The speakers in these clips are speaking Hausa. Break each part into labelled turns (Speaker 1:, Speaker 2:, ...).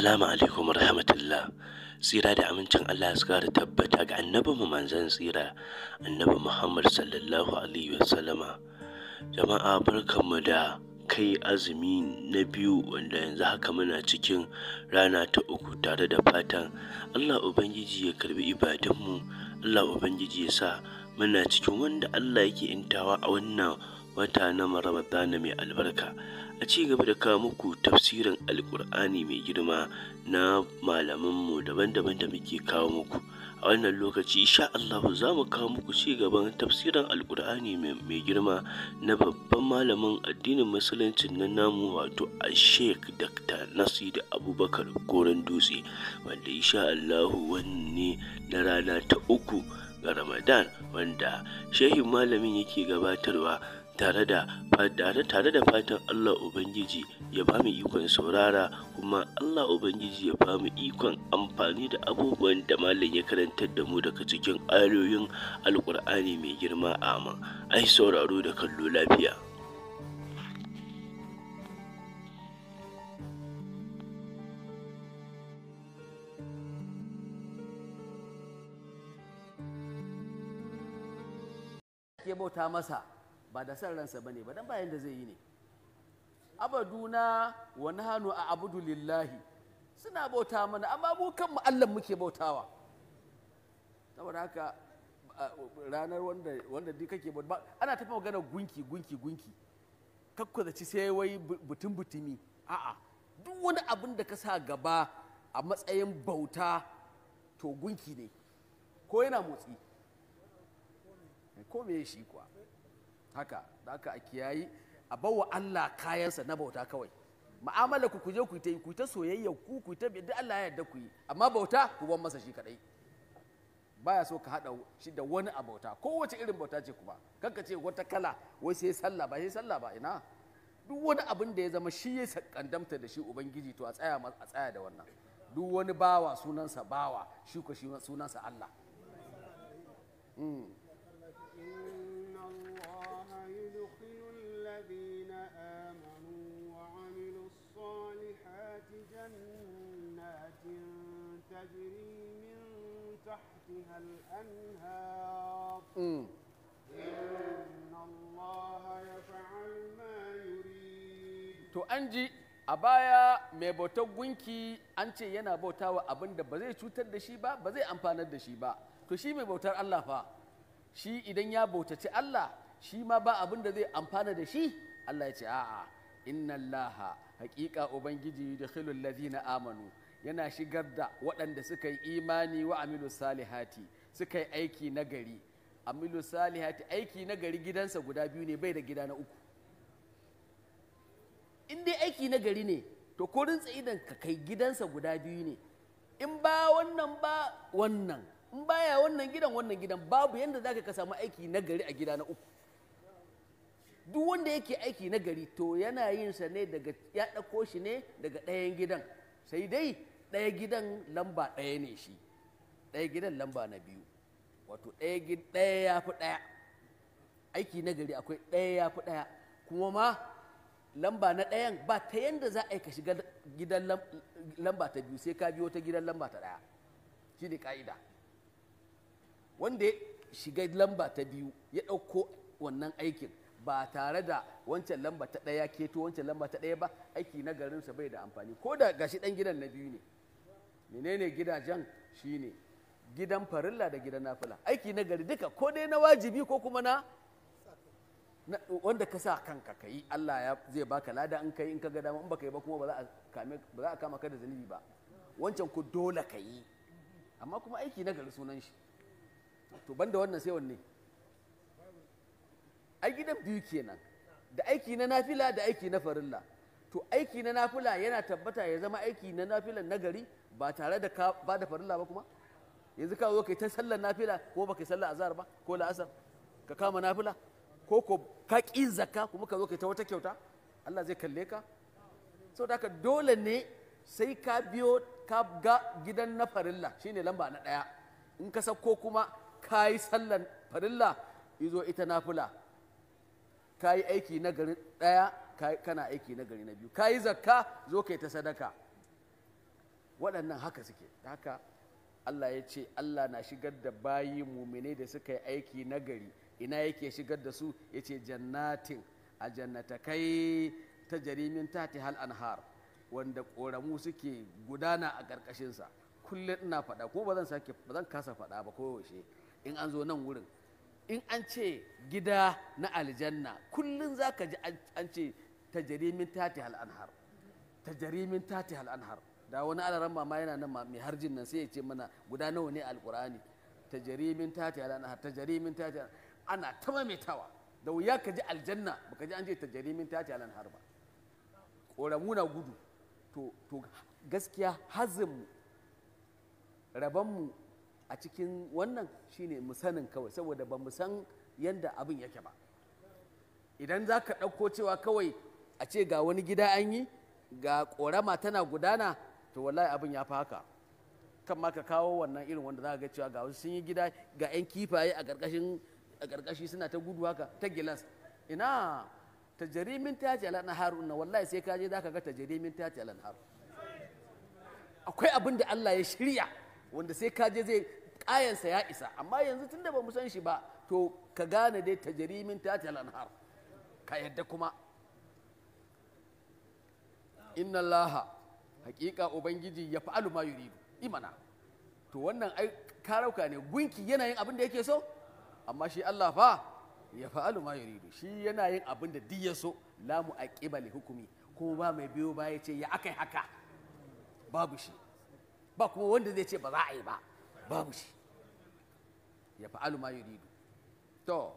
Speaker 1: Assalamu alaikum wa rahmatullah. Tsira da amincin Allah su kara tabbata ga mu manzan tsira, annabi Muhammad sallallahu Alaihi wasallama. Jama'a barkanmu da kai azumi na biyu wanda yanzu haka muna cikin rana ta uku tare da fatan Allah Ubangiji ya karbi ibadunmu, Allah Ubangiji ya sa muna cikin wanda Allah yake intawa a wannan wata na na mai albarka. a ci gaba da kawo muku tafsirin alkur'ani mai girma na malamanmu daban-daban da muke kawo muku a wannan lokaci insha Allah za mu kawo muku ci gaban tafsirin alkur'ani mai girma na babban malamin addinin musuluncin na namu wato a sheik dr nasir abubakar goron dutse wanda insha Allah wanne na rana ta uku ga ramadan wanda shehin malamin yake gabatarwa tare da tare da fatan Allah Ubangiji ya ba mu ikon saurara kuma Allah Ubangiji ya ba mu ikon amfani da abubuwan da malam ya karantar da mu daga cikin ayoyin alkur'ani mai girma amin ai sauraro da kallo lafiya
Speaker 2: ke bauta masa ba da san ransa bane ba dan bayan da zai yi ne abaduna wani hannu a abudu lillahi suna bauta mana amma mu kan Allah muke bautawa saboda haka ranar wanda wanda duk kake ba ana tafi magana gunki gunki gunki kakku da ci sai wai butun butumi a'a duk wani abin da ka sa gaba a matsayin bauta to gunki ne ko yana motsi ko me shi kuwa haka da aka a yayi a bawa Allah kayansa na bauta kawai ma'amala ku kuje ku ta ku ta soyayya ku ku ta bi Allah ya yarda ku yi amma bauta ku ban masa shi kadai baya so ka hada shi da wani a bauta kowace irin bauta ce kuma kanka ce wata kala wai sai sallah ba sai sallah ba ina duk wani abin da ya zama shi ya kandamta da shi ubangiji to a tsaya a tsaya da wannan duk wani bawa sunansa bawa shi ko sunansa Allah hmm.
Speaker 3: تجري من تحتها الأنهار إن الله يفعل ما يريد
Speaker 2: تؤنجي a baya mai bautar gunki an ce yana bautawa abin da ba zai cutar da shi ba ba zai amfanar da shi ba to shi mai bautar Allah fa shi idan ya bautaci Allah shi ma ba abin da zai amfana da shi Allah ya ce a'a inna Allah hakika ubangiji da khilul ladina amanu yana shigar da waɗanda suka yi imani wa amilu salihati suka yi aiki na gari amilu salihati aiki na gari gidansa guda biyu ne bai da gida na uku in dai aiki na gari ne to ko rintsa idan ka kai gidansa guda biyu ne in ba wannan ba wannan in baya wannan gidan wannan gidan babu yadda za ka samu aiki na gari a gida na uku duk wanda yake aiki na gari to yana yin sa ne daga ya ɗauko shi ne daga ɗayan gidan sai dai ɗaya gidan lamba ɗaya ne shi ɗaya gidan lamba na biyu wato ɗaya ya fi ɗaya aiki na gari akwai ɗaya ya fi ɗaya kuma ma lamba na ɗayan ba ta yanda za a yi ka shiga gidan lamba ta biyu sai ka biyo ta gidan lamba ta ɗaya shi ne ka'ida wanda ya shiga lamba ta biyu ya ɗauko wannan aikin ba tare da wancan lamba ta ɗaya keto wancan lamba ta ɗaya ba aiki na garinsa bai da amfani ko da gashi ɗan gidan na biyu ne menene gidajen shine gidan farilla da gidan nafila aiki na gari duka ko dai na wajibi ko kuma na wanda ka sa kanka ka yi Allah ya zai baka lada in ka yi in ka ga dama in baka yi ba kuma ba za a kama ka da zunubi ba wancan ku dole ka yi amma kuma aiki na gari sunan shi to banda wannan sai wanne ai gidan biyu kenan da aiki na nafila da aiki na farilla to aiki na nafila yana tabbata ya zama aiki na nafilan nagari ba tare da ka ba da farilla ba kuma yanzu ka zo kai ta sallar nafila ko baka sallar azhar ba ko la'asar ka kama nafila ko ko ka ƙi zakka kuma ka zo kai ta wata kyauta Allah zai kalle ka sau haka dole ne sai ka biyo ka ga gidan na farilla shine lamba na ɗaya in ka sauko kuma ka yi sallar farilla izo ita nafila ka yi aiki na gari ɗaya kana aiki na gari na biyu ka yi zakka zo kai ta sadaka waɗannan haka suke haka Allah ya ce Allah na shigar da bayi mumine da suka yi aiki nagari ina yake shigar da su ya ce jannatin a jannatakai ta jarimin tati hal anhar wanda ƙoramu suke gudana a ƙarƙashinsa kullum ina faɗa ko ba zan sake ba zan kasa faɗa ba koyaushe in an zo nan wurin in an ce gida na aljanna kullum za ka ji an ce jarimin tati hal anhar jarimin tati hal anhar da wani alaran mama yana nan mai harjin nan sai ya ce mana guda nawa ne alkur'ani tajarimin tati alana tajarimin tati ana ta maimaitawa da wuya ka ji aljanna baka ji an ce tajarimin tati alana har ba koramu na gudu to to gaskiya hazin rabanmu a cikin wannan shine mu sanin kawai saboda ba mu san yanda abin yake ba idan za ka ɗauko cewa kawai a ce ga wani gida an yi ga ƙorama tana gudana to wallahi abin ya fi haka kan ma ka kawo wannan irin wanda za ka ga cewa ga wasu sun yi gida ga 'yan kifaye a ƙarƙashin a ƙarƙashi suna ta gudu haka ta gilas ina ta ce ala nahar na wallahi sai ka je za ka ga ta ce ala nahar akwai abin da Allah ya shirya wanda sai ka je zai kayansa ya isa amma yanzu tun da ba mu san shi ba to ka gane dai ta ce ala nahar ka yadda kuma inna allaha hakika ubangiji ya fa'alu ma yuridu imana to wannan ai karauka ne gunki yana yin abin da yake so amma shi Allah fa ya fa'alu ma yuridu shi yana yin abin da duk ya so la mu hukumi kuma ba mai biyo ba ya ce ya akai haka babu shi ba kuma wanda zai ce ba za a yi ba babu shi ya fa'alu ma yuridu to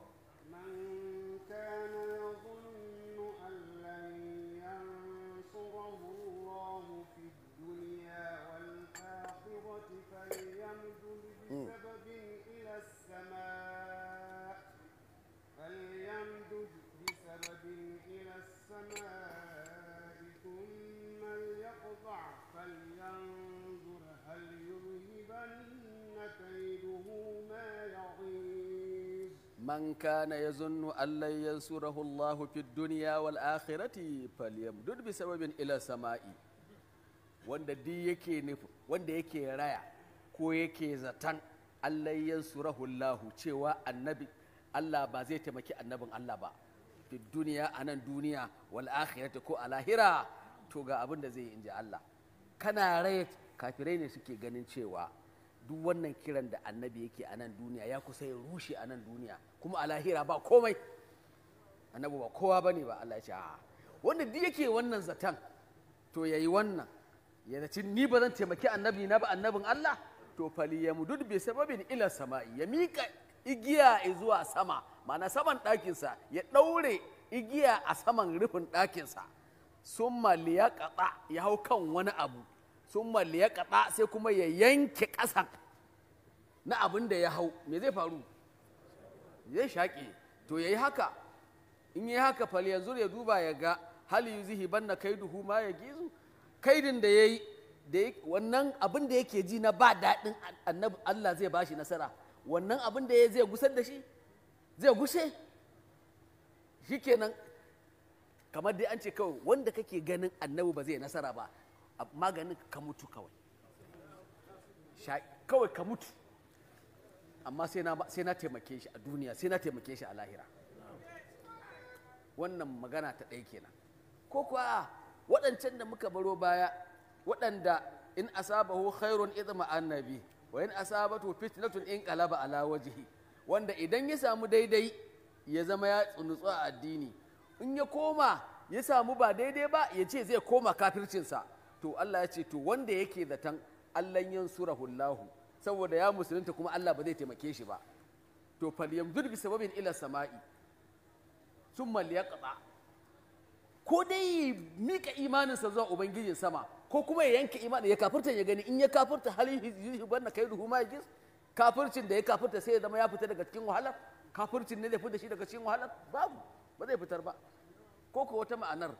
Speaker 2: man kana yazunnu allan yansurahu Allah fi duniya wal akhirati falyamdud bi sababin ila sama'i wanda duk yake nufi wanda yake raya ko yake zatan allan yansurahu Allah cewa annabi Allah ba zai taimaki annabin Allah ba fi duniya a nan duniya wal akhirati ko a lahira to ga abin da zai yi inji Allah kana raya kafirai ne suke ganin cewa duk wannan kiran da annabi yake a nan duniya ya kusa ya rushe a nan duniya kuma a lahira ba komai annabi ba kowa ba ne ba Allah ya ce a wanda duk yake wannan zaton to ya yi wannan ya zaci ni ba zan taimaki annabi na ba annabin Allah to fali ya mudud bai sababin ila sama'i ya mika igiya zuwa sama ma'ana saman ɗakinsa ya ɗaure igiya a saman rufin ɗakinsa sun maliyakata ya hau kan wani abu sun malli ya kaɗa sai kuma ya yanke ƙasan na abin da ya hau me zai faru zai shaƙe to ya yi haka in yi haka fal yanzu ya duba ya ga hal yuzihi banna kaiduhu ma ya gizu kaidin da ya yi wannan abin da yake ji na ba daɗin annabi Allah zai bashi nasara wannan abin da ya zai gusar da shi zai gushe shikenan kamar dai an ce kawai wanda kake ganin annabi ba zai nasara ba maganin ka mutu kawai kawai ka mutu amma sai na taimake shi a duniya sai na taimake shi a lahira wannan magana ta ɗaya kenan ko kuwa waɗancan da muka baro baya waɗanda in asabahu khairun idma annabi wa in asabatu fitnatun in qalaba ala wajhi wanda idan ya samu daidai ya zama ya tsunutsu a addini in ya koma ya samu ba daidai ba ya ce zai koma kafircinsa to Allah ya ce to wanda yake zaton Allah yan surahullahu saboda ya musulunta kuma Allah ba zai taimake shi ba to falyamdur bi sababin ila sama'i thumma kaba. ko dai mika imaninsa zuwa ubangijin sama ko kuma ya yanke imanin ya kafirta ya gani in ya kafirta hal yuhibbanna kaiduhu ma yajis kafircin da ya kafirta sai ya zama ya fita daga cikin wahalar kafircin ne zai fita shi daga cikin wahalar babu ba zai fitar ba ko ko wata ma'anar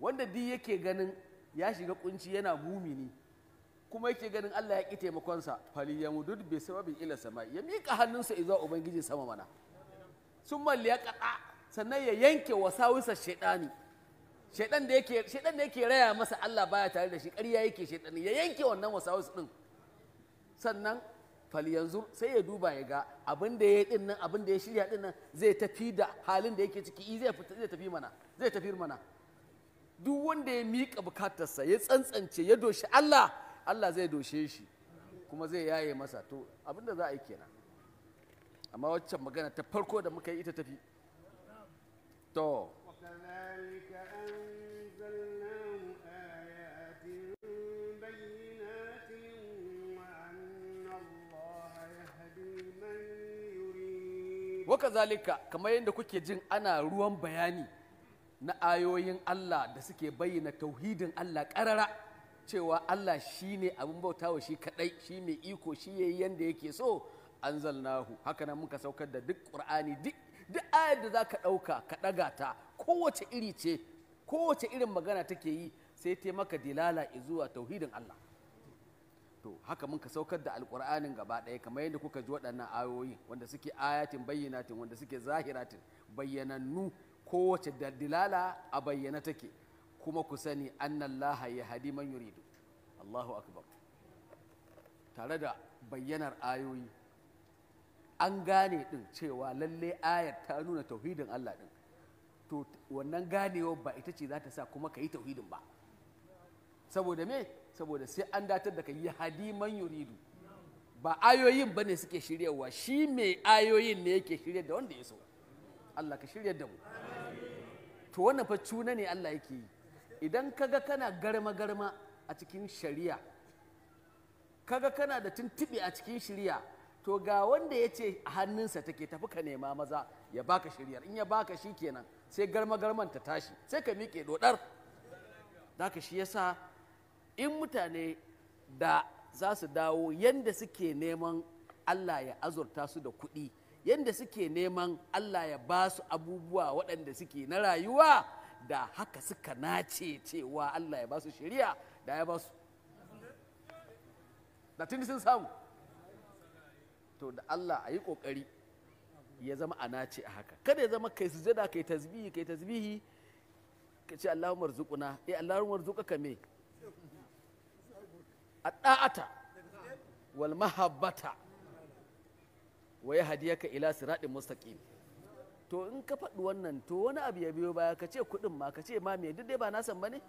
Speaker 2: wanda duk yake ganin ya shiga kunci yana mumini kuma yake ganin Allah ya ƙi taimakonsa fali ya mudud bi sababin ila sama ya miƙa hannunsa izo ubangiji sama mana sun malli ya kaɗa sannan ya yanke wasawinsa shaidani shaidan da yake shaidan da yake raya masa Allah baya tare da shi ƙarya yake shaidan ya yanke wannan wasawinsa din sannan fal yanzu sai ya duba ya ga abin da ya din nan abin da ya shirya din nan zai tafi da halin da yake ciki zai zai tafi mana zai tafi mana duk wanda ya miƙa bukatarsa ya tsantsance ya doshi Allah Allah zai doshe shi kuma zai yaye masa to abinda za a yi kenan amma waccan magana ta farko da muka yi ita tafi to waka zalika kamar yadda kuke jin ana ruwan bayani na ayoyin Allah da suke bayyana tauhidin Allah ƙarara cewa Allah shi ne abin bautawa shi kaɗai shi mai iko shi ya yi yanda yake so An hu. haka nan muka saukar da duk ƙur'ani duk ayar da za ka ɗauka ka ɗaga ta kowace iri ce kowace irin magana take yi sai ta maka dilala zuwa tauhidin Allah to haka muka saukar da alƙur'anin gaba ɗaya kamar yadda kuka ji waɗannan ayoyi wanda suke ayatin bayyanatin wanda suke zahiratin bayyanannu kowace dalala a bayyana take kuma ku sani annallaha ya hadi man Allahu akbar tare da bayyanar ayoyi an gane din cewa lalle ayar ta nuna tauhidin Allah din to wannan ganewa ba ita ce za ta sa kuma ka yi tauhidin ba saboda me saboda sai an datar da ka yi hadiman yuridu ba ayoyin ba ne suke shiryawa shi mai ayoyin ne yake shiryar da wanda ya so Allah ka shirya da mu to wannan fa cuna ne Allah yake yi idan kaga kana garma garma a cikin shari'a kaga kana da tuntuɓe a cikin shari'a to ga wanda ya ce hannunsa take tafi ka nema maza ya baka shari'ar in ya baka shi kenan sai garma garman ta tashi sai ka miƙe dodar ka shi yasa in mutane da za su dawo yanda suke neman Allah ya azurta su da kuɗi yadda suke neman Allah ya ba su abubuwa waɗanda suke na rayuwa da haka suka nace cewa Allah ya ba su shari'a da ya ba su da tuni sun samu to da Allah a yi ƙoƙari ya zama a nace a haka kada ya zama kai su jada kai tasbihi kai tasbihi ka ce Allahumma zuƙuna. eh Allahumma ka me a ɗa'ata wal mahabbata waye ka ila siratin mustaqim to in ka faɗi wannan to wani abu ya biyo baya ka ce kuɗin ma ka ce ma me duk dai ba na san bane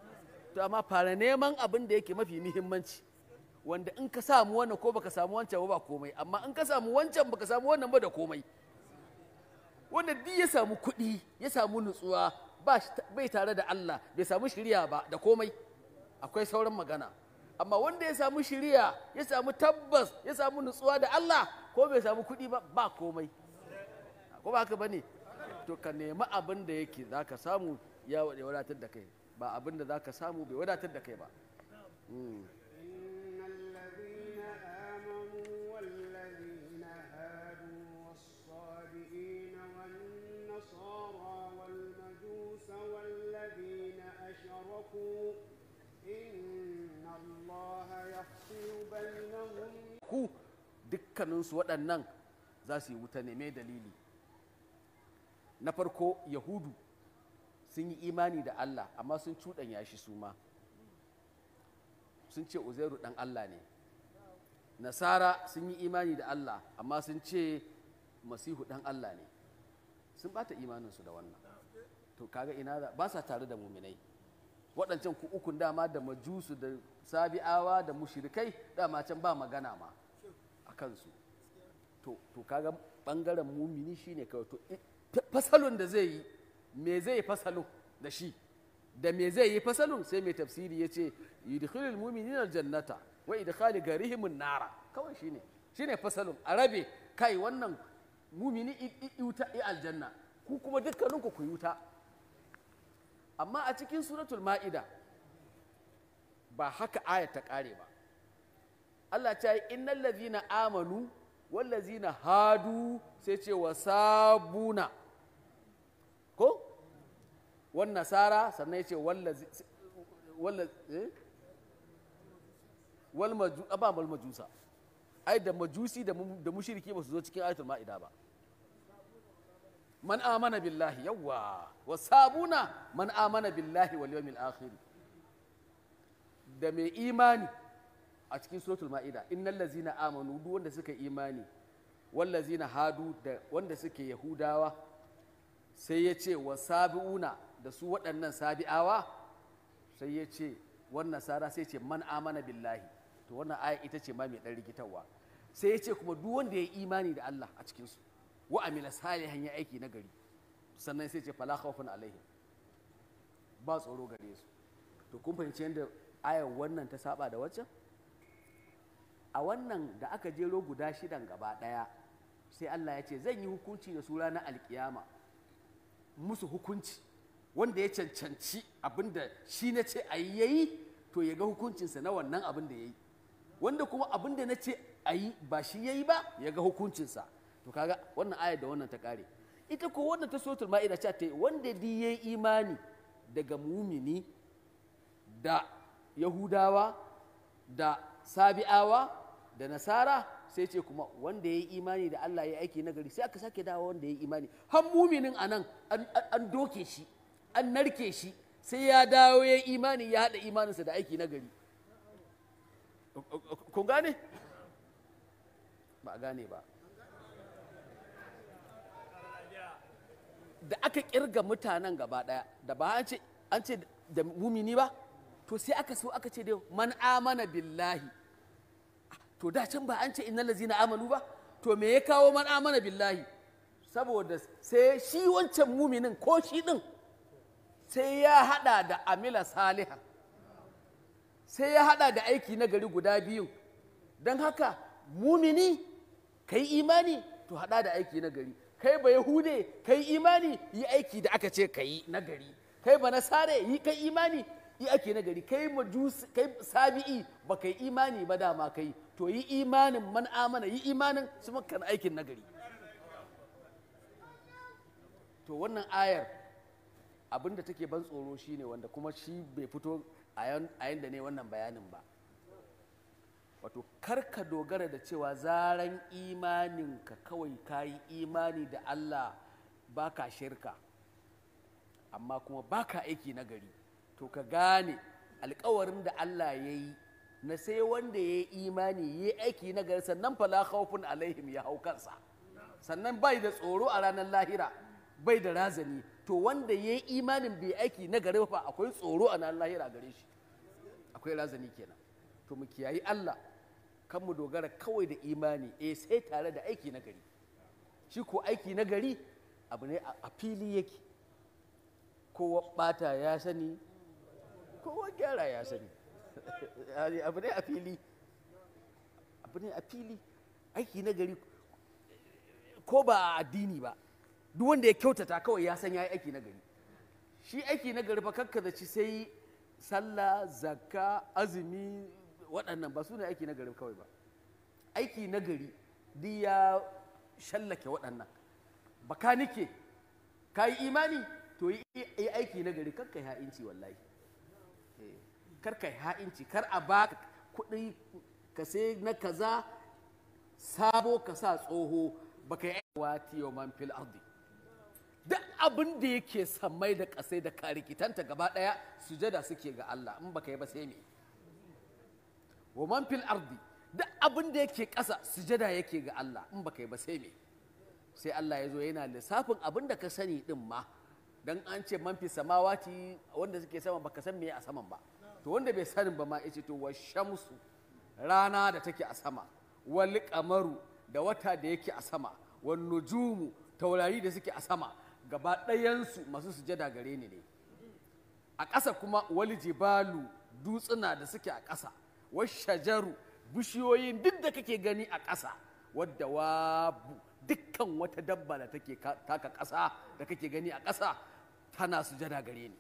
Speaker 2: to amma fara neman abin da yake mafi muhimmanci wanda in ka samu wannan ko baka samu wancan ba komai amma in ka samu wancan baka samu wannan ba da komai wanda duk ya samu kuɗi ya samu nutsuwa ba bai tare da Allah bai samu shirya ba da komai akwai sauran magana amma wanda ya samu shiriya ya samu tabbas ya samu nutsuwa da Allah ko bai samu kuɗi ba ba komai ko ba ka ba ne to ka nemi abin da yake za ka samu ya wadatar da kai ba abin da za ka samu bai wadatar da kai ba hmm. dukkaninsu waɗannan za su yi wuta ne mai dalili na farko yahudu sun yi imani da allah amma sun cuɗanya shi su sun ce uzairu ɗan allah ne nasara sun yi imani da allah amma sun ce masihu ɗan allah ne sun bata imaninsu da wannan to kaga ina ba sa tare da muminai waɗancan ku ukun dama da majusu da sabi'awa da mushirikai dama can ba magana ma kansu to to kaga bangaren mumini shine kawai to eh, fasalun da zai yi me zai fasalu da shi da me zai yi fasalun sai mai tafsiri ya ce yudkhilul mu'minina aljannata wa idkhali garihim nara kawai shine shine fasalun a rabe kai wannan mumini iuta i aljanna ku kuma dukkaninku ku yuta amma a cikin suratul ma'ida ba haka aya ta kare ba Allah ta yi innal amanu wal hadu sai ce ko wan nasara sannan eh? wal majusa ai da majusi da mushriki ba su zo cikin ayatul ma'ida ba man amana billahi yawwa wasabuna man amana billahi wal yawmil akhir da mai imani a cikin suratul ma'ida innal ladzina amanu duk wanda suka imani wal ladzina hadu da wanda suke yahudawa sai ya ce wa sabiuna da su waɗannan sabi'awa sai ya ce wannan sara sai ce man amana billahi to wannan aya ita ce ma mai ɗan rikitarwa sai ya ce kuma duk wanda ya yi imani da Allah a cikinsu wa amila salihan ya aiki na gari sannan sai ce fala khawfun alaihim ba tsoro gare su to kun fahimci yadda ayar wannan ta saba da waccan a wannan da aka jero guda shidan gaba ɗaya sai Allah ya ce zan yi hukunci da su ranar alkiyama musu hukunci wanda ya cancanci abin da shi na ce a yi ya yi to ya ga hukuncinsa na wannan abin da ya yi wanda kuma abin da na ce a yi ba shi ya yi ba ya ga hukuncinsa to kaga wannan ayar da wannan ta kare ita ko wannan ta sotul ma'ida ta ta wanda di ya yi imani daga mumini da yahudawa da sabi'awa da nasara sai ce kuma wanda ya yi imani da Allah ya aiki nagari sai aka sake dawo wanda ya yi imani har muminin a nan an doke shi an narke shi sai ya dawo ya yi imani ya haɗa imaninsa da aiki nagari kun gane ba a gane ba da aka kirga mutanen gaba ɗaya da ba an ce da mumini ba to sai aka so aka ce dai man amana billahi to da can ba an ce innal lazina amanu ba to me ya kawo man amana billahi saboda sai shi wancan muminin ko shi din sai ya hada da amila saliha sai ya hada da aiki na gari guda biyu don haka mumini kai imani to hada da aiki na gari kai ba yahude kai imani yi aiki da aka ce kai na gari kai ba nasare yi kai imani yi aiki na gari kai majusi kai sabi'i ba kai imani ba dama kai to yi imanin man amana yi imanin su makkan aikin nagari to wannan ayar abinda take ban tsoro shi ne wanda kuma shi bai fito a yanda ne wannan bayanin ba wato karka dogara da cewa zaran imaninka kawai ka yi imani da allah baka shirka amma kuma baka aiki nagari to ka gane alkawarin da allah ya yi na sai wanda ya yi imani ya yi aiki na gari sannan fala khawfun alaihim ya hau kansa sannan bai da tsoro a ranar lahira bai da razani to wanda ya yi imanin bai aiki na gari fa akwai tsoro a ranar lahira gare shi akwai razani kenan to mu kiyayi Allah kan mu dogara kawai da imani eh sai tare da aiki na gari shi ko aiki na gari abu ne a fili yake kowa bata ya sani kowa gyara ya sani Eh, abu ne a fili abu ne a fili aiki na gari ko ba a addini ba duk wanda ya kyautata kawai ya san ya yi aiki na gari shi aiki na gari ba kakkaza ci sai sallah zakka azumi waɗannan ba su ne aiki na gari kawai ba aiki na gari duk ya shallake waɗannan baka nike ka yi imani to yi aiki na gari kakka ya inci wallahi kar ka ha'inci kar a ba kuɗi ka sai na kaza sabo ka sa tsoho ba ka yi wati yau man fil ardi duk abin da yake samai da kasai da karikitanta gaba daya sujada suke ga Allah in ba ka yi ba sai me wa man fil ardi duk abin da yake kasa sujada yake ga Allah in ba ka yi ba sai me sai Allah ya zo yana lissafin abin da ka sani din ma dan an ce man fi samawati wanda suke sama baka san me a saman ba to wanda bai sanin ba ma yace to wa shamsu rana da take a sama wali kamaru da wata da yake a sama wan nujumu taurari da suke a sama gaba ɗayansu masu sujada gare ni ne a ƙasa kuma wali jibalu dutsuna da suke a ƙasa Wasu shajaru bishiyoyin duk da kake gani a ƙasa wadda wabu dukkan wata dabba da take taka ƙasa da kake gani a ƙasa tana sujada gare ni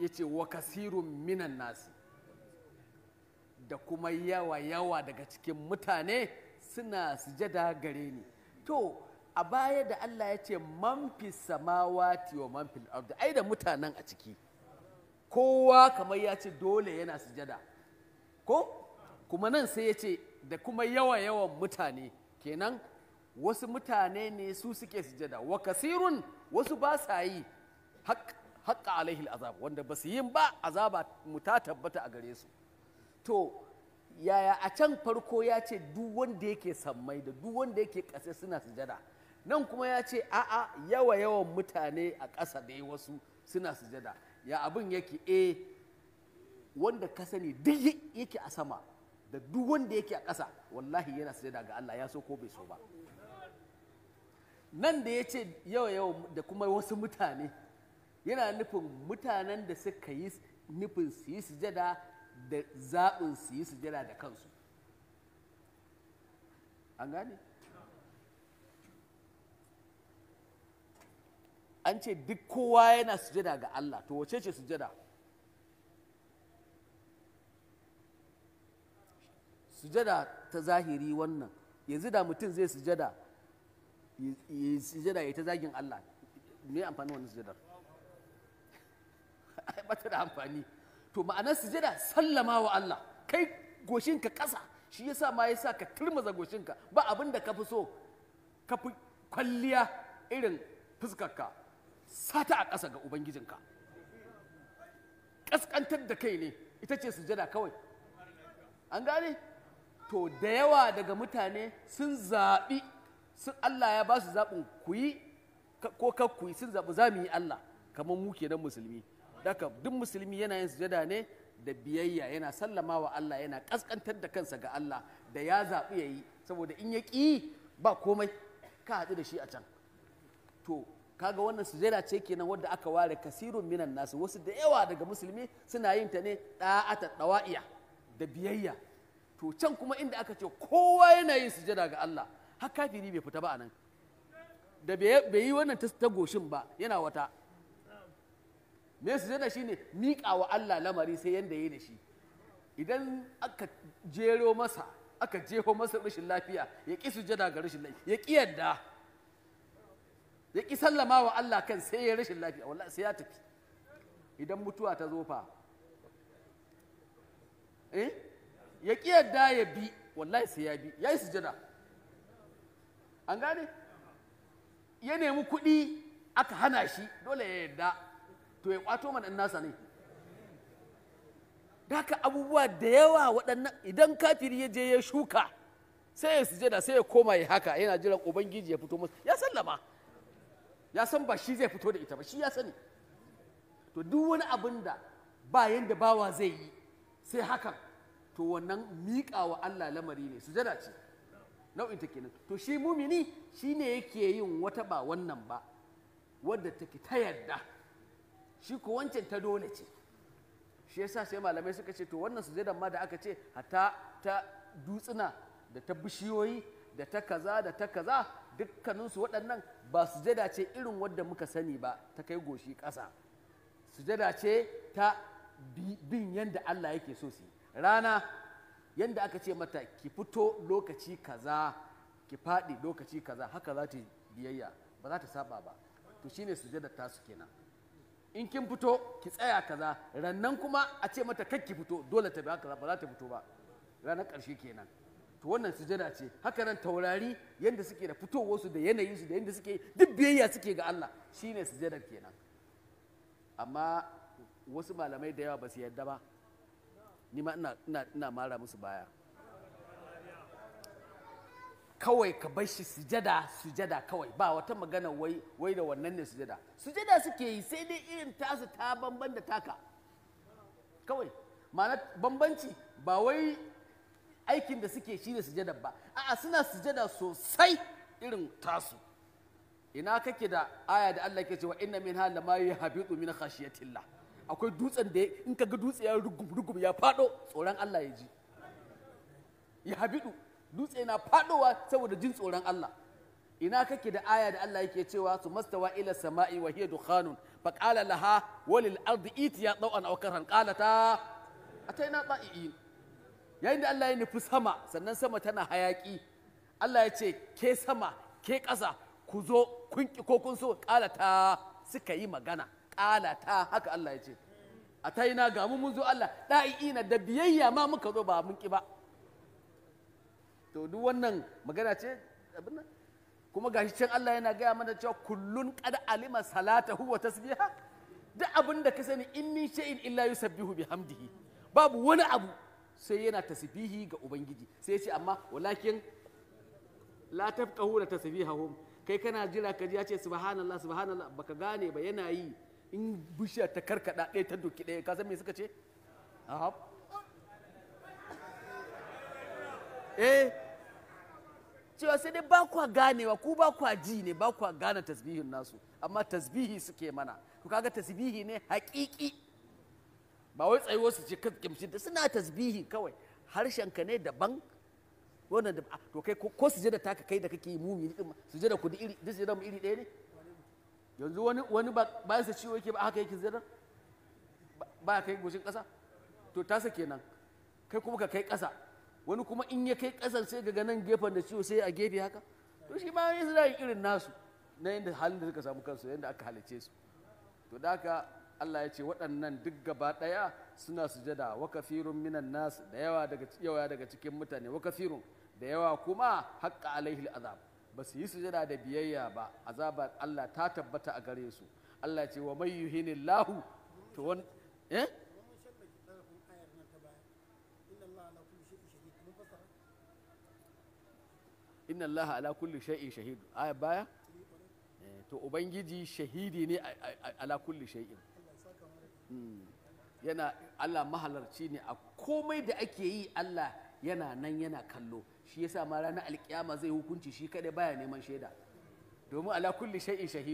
Speaker 2: ya ce wa kasirun minan nasi da kuma yawa yawa daga cikin mutane suna sujada gare ni to a baya da Allah ya ce manfi samawati wa manfi ardi ai da mutanen a ciki kowa kamar ya ce dole yana sujada ko kuma nan sai ya ce da kuma yawa yawan mutane kenan wasu mutane ne su suke sujada wa kasirun wasu ba sa yi haƙƙa alaihi azab wanda ba su yin ba azaba mu ta tabbata a gare su to yaya a can farko ya ce duk wanda yake sammai da duk wanda yake ƙasa suna sujada nan kuma ya ce a'a yawa yawan mutane a ƙasa da wasu suna sujada ya abin yake e wanda ka sani duk yake a sama da duk wanda yake a ƙasa wallahi yana sujada ga Allah ya so ko bai so ba nan da ya ce yawa yawan da kuma wasu mutane yana nufin mutanen da suka yi nufin su yi sujada da zaɓin su yi sujada da kansu an gane an ce duk kowa yana sujada ga Allah to wace ce sujada sujada ta zahiri wannan yanzu da mutum zai sujada ya sujada ya ta zagin Allah me amfani wannan sujadar ba da amfani to ma'anar sujada sallama wa Allah kai goshinka ƙasa shi yasa ma yasa ka turmaza goshinka ba abin da ka fi so ka fi kwalliya irin fuskarka sata a ƙasa ga ubangijinka ƙasƙantar da kai ne ita ce sujada kawai an gane to da yawa daga mutane sun zaɓi sun Allah ya ba su zaɓin ku yi ko kar sun zaɓi za mu yi Allah kamar mu kenan musulmi Daka duk musulmi yana yin sujada ne da biyayya yana sallama wa Allah yana kaskantar da kansa ga Allah da ya zaɓi ya yi saboda in ya ƙi ba komai ka haɗu da shi a can to kaga wannan sujada ce kenan wadda aka ware kasirun minan nasu wasu da yawa daga musulmi suna yin ta ne ɗa'ata ɗawa'iya da biyayya to can kuma inda aka ce kowa yana yin sujada ga Allah har kafiri bai fita ba anan da bai yi wannan ta goshin ba yana wata me shi shine miƙa wa Allah lamari sai yanda yi da shi idan aka jero masa aka jeho masa rashin lafiya ya ƙi su jada ga rashin lafiya ya ƙi yadda ya ƙi sallama wa Allah kan sai ya rashin lafiya wallahi sai ya tafi idan mutuwa ta zo fa eh ya ƙi yadda ya bi wallahi sai ya bi ya yi jada an gane ya nemi kuɗi aka hana shi dole ya yadda to ya kwato mana in nasa ne haka abubuwa da yawa waɗannan idan kafiri ya je ya shuka sai ya sujada sai ya koma ya haka yana jiran ubangiji ya fito musu ya sallama ya san ba shi zai fito da ita ba shi ya sani to duk wani abin da ba yanda bawa zai yi sai haka to wannan miƙa Allah lamari ne sujada ce nau'in ta nan to shi mumini shine yake yin wata ba wannan ba wadda take ta yadda. shi ko wancan ta dole ce shi yasa sai malamai suka ce to wannan zai ma da aka ce hata ta dutsuna da ta bishiyoyi da ta kaza da ta kaza dukkaninsu waɗannan ba sujada ce irin wadda muka sani ba ta kai goshi ƙasa sujada ce ta bin yadda Allah yake so su rana yadda aka ce mata ki fito lokaci kaza ki faɗi lokaci kaza haka za ta biyayya ba za ta saba ba to shine ta su kenan in kin fito ki tsaya kaza rannan kuma a ce mata kakki fito dole ta bi haka ba za ta fito ba ranar ƙarshe kenan to wannan sujada ce haka nan taurari yadda suke da fitowarsu da yanayinsu da yadda suke duk biyayya suke ga Allah shine sujadar kenan amma wasu malamai da yawa ba su yarda ba ni ma ina mara musu baya kawai ka bar shi sujada sujada kawai ba wata magana wai wai da wannan ne sujada sujada suke yi sai dai irin tasu ta bamban da taka kawai ma'ana bambanci ba wai aikin da suke shi ne sujada ba a'a suna sujada sosai irin tasu ina kake da aya da Allah ke cewa inna min hal ma yahbitu min khashiyatillah akwai dutsen da in kaga dutse ya rugum rugum ya fado tsoron Allah ya ji ya habidu dutse na fadowa saboda jin tsoron Allah ina kake da aya da Allah yake cewa su mastawa ila sama'i wa hiya dukhanun fa qala laha walil ardi itiya dawan aw karhan qalata ataina ta'iin yayin da Allah ya nufi sama sannan sama tana hayaki Allah ya ce ke sama ke ƙasa ku zo kun ko kun so qalata suka yi magana qalata haka Allah ya ce ataina ga mu mun zo Allah da'iina da biyayya ma muka zo ba mun ki ba to duk wannan magana ce abin kuma gashi can Allah yana gaya mana cewa kullun qad alima salatahu wa tasbiha duk abin da ka sani in min shay'in illa yusabbihu bihamdihi babu wani abu sai yana tasbihi ga ubangiji sai ya ce amma walakin la la tasbihahum kai kana jira ka ji ya ce subhanallah subhanallah baka gane ba yana yi in bishiya ta karkada ɗaya ta doki ɗaya ka san me suka ce eh cewa sai dai ba kwa ganewa ku ba kwa ji ne ba kwa gane tasbihin nasu amma tasbihi suke mana ku kaga tasbihi ne haƙiƙi ba wai tsayuwar su ce kimshi da suna tasbihi kawai harshen ka ne daban wannan da ah, to kai ko su je da taka kai da kake yi mumini din su je da kudi iri duk su je da mu iri ɗaya ne yanzu wani wani ba ba sa ciwo yake ba haka yake zira ba kai goshin ƙasa to ta sa kenan kai kuma ka kai ƙasa wani kuma in ya kai ƙasar sai ga nan gefen da ciwo sai a gefe haka to shi ma yanzu suna irin nasu na yadda halin da suka samu kansu yadda aka halice su to da haka Allah ya ce waɗannan duk gaba ɗaya suna sujada wa kafirun minan nas da yawa daga yawa daga cikin mutane wa kafirun da yawa kuma haqqa alaihi azab ba su yi sujada da biyayya ba azabar Allah ta tabbata a gare su Allah ya ce wa may yuhinillahu to eh inna allaha ala kulli shai'i, shahidu aya baya eh, to ubangiji shahidi ne ala kulli shay'in hmm. yana Allah mahalarci ne a komai da ake yi Allah yana nan yana kallo shi yasa ma ranar alkiyama zai hukunci shi kadai baya neman shaida domin ala kulli shay'in san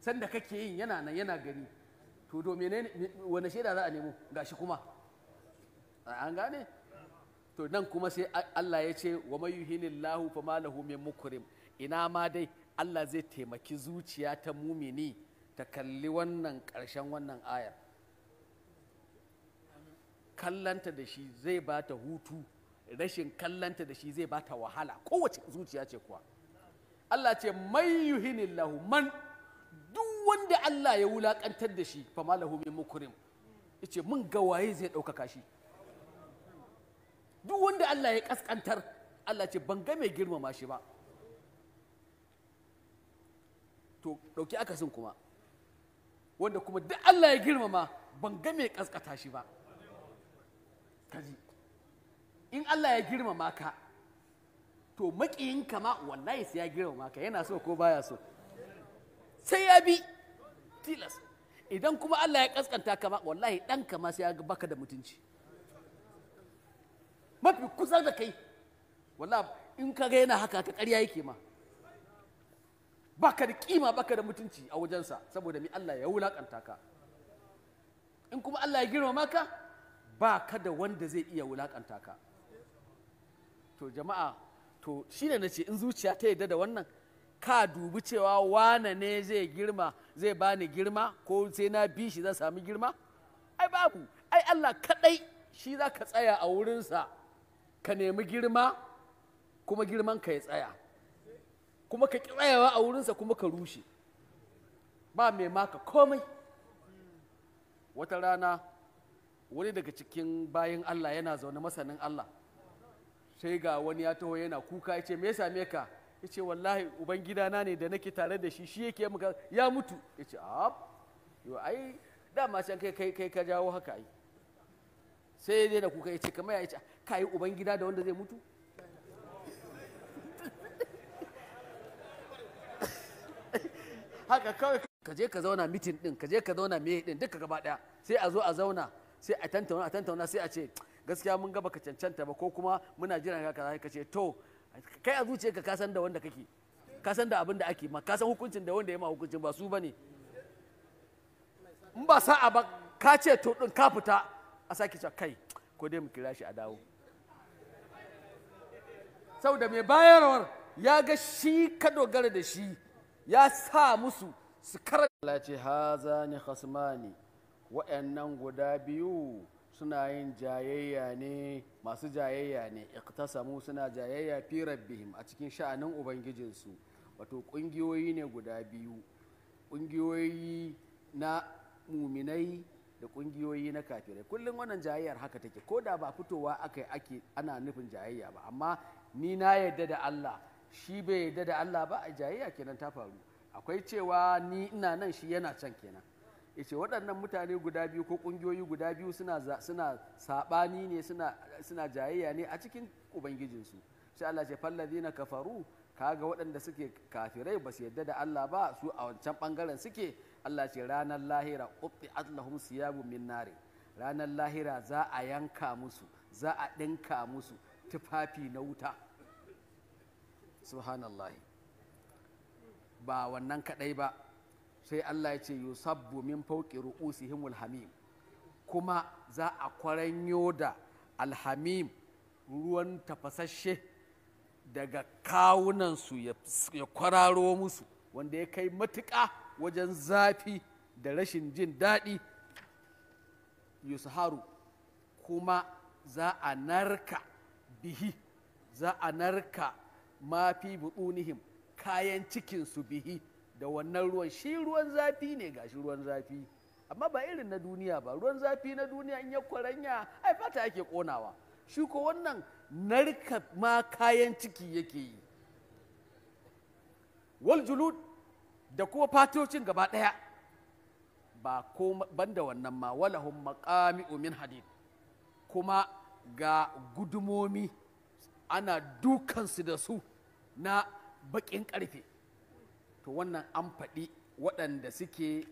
Speaker 2: sanda kake yin yana nan yana gani to do menene wani shaida za a nemo gashi kuma an gane to nan kuma sai Allah ya ce wa ne Lahu fa ma lahu min mukrim ina ma dai Allah zai taimaki zuciya ta mumini ta kalli wannan ƙarshen wannan ayar kallanta da shi zai ba ta hutu rashin kallanta da shi zai ba ta wahala kowace zuciya ce kuwa Allah ce ne Lahu man duk wanda Allah ya wulakantar da shi fa ma lahu min mukrim yace mun ga waye zai ɗaukaka shi duk wanda Allah ya kaskantar Allah ce ban ga mai girmama shi ba to ɗauki akasin kuma wanda kuma duk Allah ya girmama ban ga mai kaskata shi ba kaji in Allah ya girmama ka to maƙiyinka ma wallahi sai ya girmama ka yana so ko baya so sai ya bi tilas idan kuma Allah ya kaskanta ka ma wallahi ɗanka ma sai ya baka da mutunci mafi kusa da kai wala in ka ga yana haka ta ƙarya yake ma ba ka da kima ka da mutunci a wajensa saboda mi Allah ya wulaƙanta ka in kuma Allah ya girmama ka ba ka da wanda zai iya wulaƙanta ka to jama'a to shi ne na ce in zuciya ta yadda da wannan ka dubi cewa wane ne zai girma zai bani girma ko sai na bi shi zan sami girma ai babu ai Allah kaɗai shi za ka tsaya a wurinsa ka nemi girma kuma girman ka ya tsaya kuma ka tsayawa a wurinsa kuma ka rushe ba mai maka komai wata rana wani daga cikin bayan Allah yana zaune masanin Allah sai ga wani ya taho yana kuka ya ce me same ka ya ce wallahi ubangidana ne da nake tare da shi shi yake ya mutu ya ce yo ai dama can kai kai ka jawo haka ai sai ya da kuka ya ce kamar ya ce ka yi uban gida da wanda zai mutu haka kawai ka je ka zauna mitin din ka je ka zauna me din duka gaba daya sai a zo a zauna sai a tantauna a tantauna sai a ce gaskiya mun gaba ka cancanta ba ko kuma muna jiran ka kaza ka ce to kai a zuciyarka ka san da wanda kake ka san da abin da ake ma ka san hukuncin da wanda ya ma hukuncin ba su bane in ba sa'a ba ka ce to din ka fita a sake cewa kai ko dai mu kira shi a dawo saboda mai bayarwar ya ga shi ka dogara da shi ya sa musu su karanta Allah ce haza ni khasmani wa'annan guda biyu suna yin jayayya ne masu jayayya ne iktasamu suna jayayya fi rabbihim a cikin sha'anin ubangijinsu wato ƙungiyoyi ne guda biyu ƙungiyoyi na muminai da ƙungiyoyi na kafirai kullum wannan jayayyar haka take ko da ba fitowa aka ake ana nufin jayayya ba amma ni na yarda da Allah shi bai yarda da Allah ba a jayayya kenan ta faru akwai cewa ni ina nan shi yana can kenan yace waɗannan mutane guda biyu ko ƙungiyoyi guda biyu suna suna saɓani ne suna suna jayayya ne a cikin ubangijinsu sai Allah ce fallazina kafaru kaga waɗanda suke kafirai ba su yarda da Allah ba su a wancan ɓangaren suke Allah ce ranar lahira ƙuɓi atlahum siyabu min nari ranar lahira za a yanka musu za a ɗinka musu tufafi na wuta subhanallah ba wannan kadai ba sai Allah ya ce yusabbu min fawqi ru'usihim alhamim kuma za a kwaranyo da alhamim ruwan tafasasshe daga kawunansu ya kwararo musu wanda ya kai matuƙa wajen zafi da rashin jin daɗi yusharu kuma za a narka bihi za a narka ma fi buɗunihim kayan cikinsu bihi da wannan ruwan shi ruwan zafi ne ga shi ruwan zafi amma ba irin na duniya ba ruwan zafi na duniya in ya kwaranya ai fata ake konawa shi ko wannan narka ma kayan ciki yake yi wal julud da kuma fatocin gaba ɗaya ba ko banda wannan ma walahum maqami min hadid kuma ga gudumomi ana dukansu da su na baƙin ƙarfe to wannan an faɗi waɗanda suke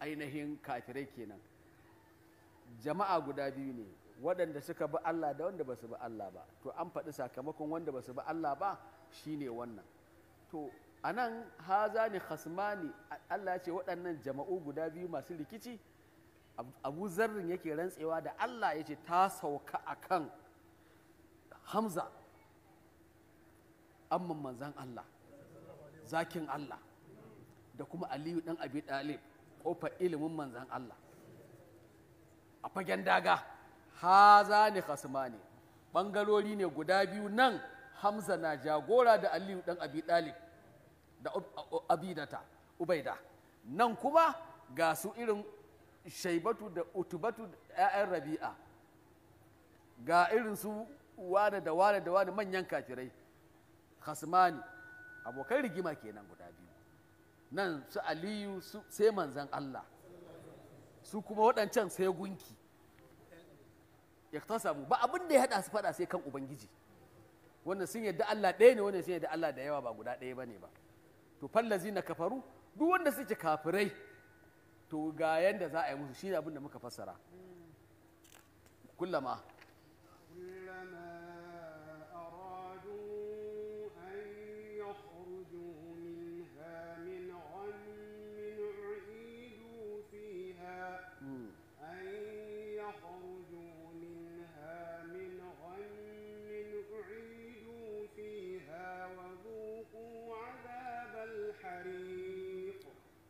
Speaker 2: ainihin kafirai kenan jama'a guda biyu ne waɗanda suka bi Allah da wanda ba su bi Allah ba to an faɗi sakamakon wanda ba su bi Allah ba shine wannan to anan haza ne khasmani Allah ce waɗannan jama'u guda biyu masu rikici abu zarrin yake rantsewa da allah ya ce ta sauka a kan hamza amman manzan allah zakin allah da kuma aliyu dan abi dalib kofar ilimin manzan allah a fagen daga haza ne kasuma ne ɓangarori ne guda biyu nan hamza na jagora da aliyu dan abi dalib da abidata ubaida nan kuma ga su irin shaibatu da utubatu da 'ya'yan rabi'a ga irin su wane da wane da wane manyan kafirai hasmani abokan rigima kenan guda biyu nan su aliyu su sai manzan Allah su kuma waɗancan sai gunki samu ba abin da ya haɗa su faɗa sai kan ubangiji wannan sun yadda Allah ɗaya ne wannan sun yadda Allah da yawa ba guda ɗaya ba ne ba to fallazi na kafaru duk wanda suke kafirai to ga yanda za a yi musu shi abin da muka fassara kullama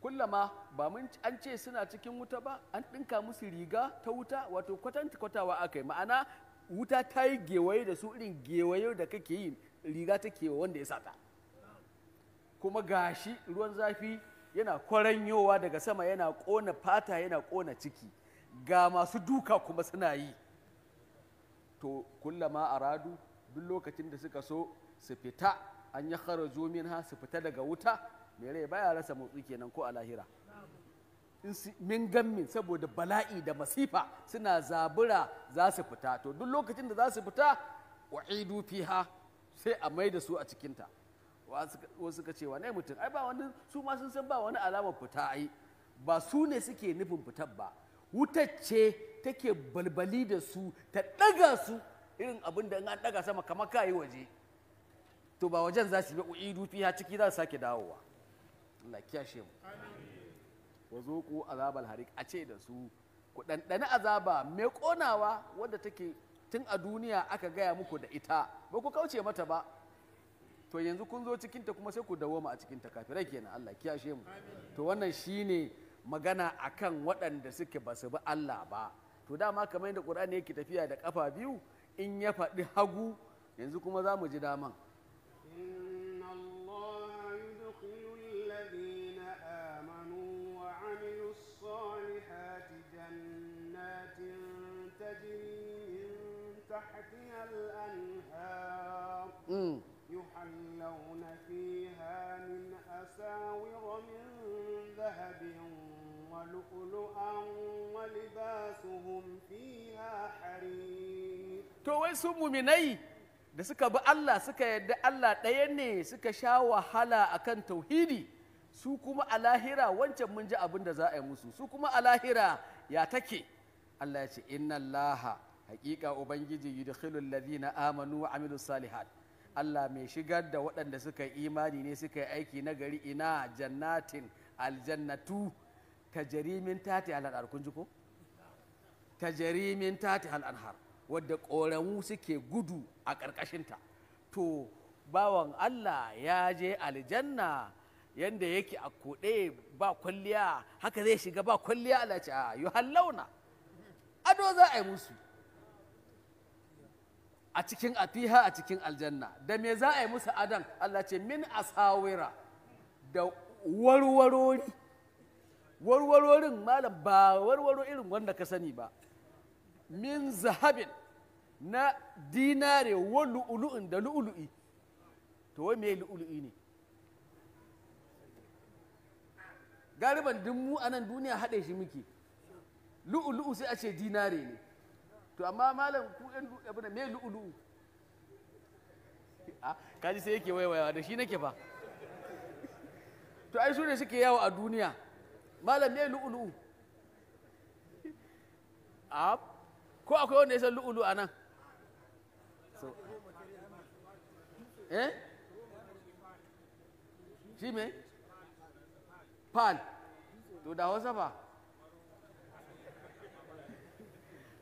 Speaker 2: kullama ba mun an ce suna cikin wuta ba an ɗinka musu riga ta wuta wato kwatanta kwatawa aka yi ma'ana wuta ta yi gewaye da su irin gewaye da kake yi riga ta kewa wanda ya sata kuma gashi ruwan zafi yana kwaranyowa daga sama yana ƙona fata yana ƙona ciki ga masu duka kuma suna yi to kullama aradu duk lokacin da suka so su fita an yi kharajo ha su fita daga wuta mai rai baya rasa motsi kenan ko a lahira min gammin saboda bala'i da masifa suna zabura za su fita to duk lokacin da za su fita idu fiha sai a mai da su a cikinta wasu suka ce wane mutum ai ba wani su ma sun san ba wani alamar fita ai ba su ne suke nufin fitar ba wutar ce take balbali da su ta ɗaga su irin abin da in an ɗaga sama kamar yi waje to ba wajen za su yi idu fiha ciki za su sake dawowa Allah kiyashe mu wa zuqu azabal harik a ce da su ku ɗanɗani azaba mai ƙonawa wadda take tun a duniya aka gaya muku da ita ba ku kauce mata ba to yanzu kun zo cikinta kuma sai ku dawoma a cikinta kafirai kenan Allah kiyashe mu to wannan shine magana akan waɗanda suke basu bi Allah ba to dama kamar yadda Qur'ani yake tafiya da kafa biyu in ya faɗi hagu yanzu kuma za mu ji daman
Speaker 3: Mm. يحلون فيها من أساور من ذهب ولؤلؤا ولباسهم فيها
Speaker 2: حرير تو وين da suka bi Allah suka yarda Allah ɗaya ne suka sha wahala akan tauhidi su kuma a lahira wancan mun ji abin da za a yi musu su kuma a lahira ya take Allah ya ce inna laha haƙiƙa ubangiji yudkhilul ladina amanu wa amilus salihat Allah mai shigar da waɗanda suka yi imani ne suka yi aiki na gari ina jannatin aljannatu jarimin tati al'anhar kun ji ko tajarimin tati al'anhar wadda ƙoramu suke gudu a ƙarƙashinta to bawan Allah ya je aljanna yadda yake a kuɗe ba kwalliya haka zai shiga ba kwalliya Allah ce a ado za a yi musu a cikin afiha a cikin aljanna da me za a yi musu adam Allah ce min asawira da warwarori warwarorin malam ba warwaro irin wanda ka sani ba min zahabin na dinare wa lu'ulu'in da lu'ulu'i to wai me lu'ulu'i ne gariban duk mu anan duniya haɗe shi muke lu'ulu'u sai a ce dinare ne to amma malam ku ɗan abin da me ah, Ka kaji sai yake waiwaiwa da shi nake fa to ai su ne suke yawo a duniya malam me lu'ulu'u a ah, ko akwai wanda ya san lu'ulu a nan eh shi me pal to da wasa ba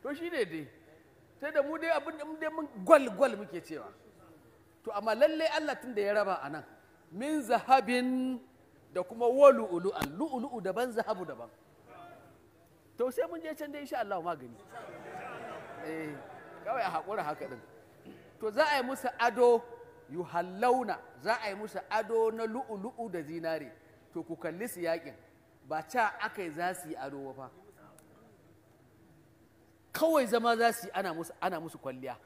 Speaker 2: to shi ne dai sai da mu dai abin da dai mun gwal gwal muke cewa to amma lallai Allah tun da ya raba a nan min zahabin da kuma wa lu'ulu'an lu'ulu'u daban zahabu daban to sai mun je can dai insha Allah magani eh kawai a hakura haka din to za a yi musu ado yuhallauna za a yi musu ado na lu'ulu'u da zinare to ku kalli su yakin ba ca aka yi za su yi ado ba fa kawai zama za su yi ana musu ana musu kwalliya